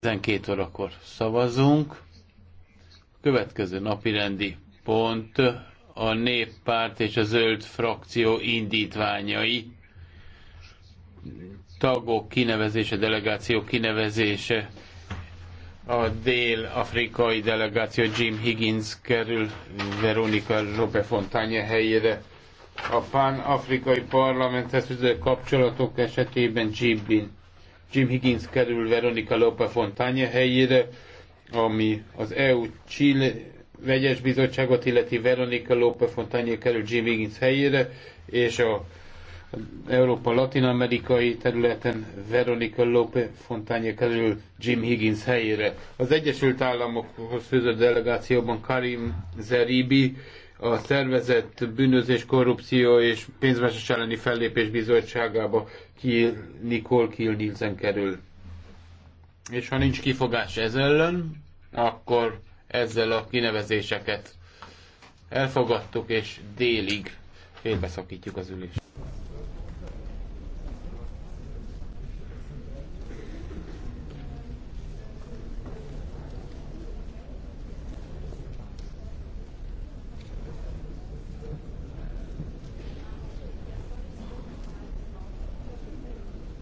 12 órakor szavazunk. A következő napi rendi pont a néppárt és a zöld frakció indítványai, tagok kinevezése, delegáció kinevezése. A dél-afrikai delegáció Jim Higgins kerül Veronika Robe Fontánya helyére. A pán-afrikai parlamenthez kapcsolatok esetében Jim Jim Higgins kerül Veronika Lopa Fontánya helyére, ami az EU Chile vegyes bizottságot, illeti Veronika Lope Fontányi kerül Jim Higgins helyére, és a Európa latinamerikai területen Veronika Lope Fontánya kerül Jim Higgins helyére. Az Egyesült Államokhoz főzött delegációban Karim Zeribi a szervezett bűnözés, korrupció és pénzmesés elleni fellépés bizottságába Kiel, Nicole Kiel Nielsen kerül. És ha nincs kifogás ez ellen, akkor ezzel a kinevezéseket elfogadtuk, és délig félbeszakítjuk az ülést.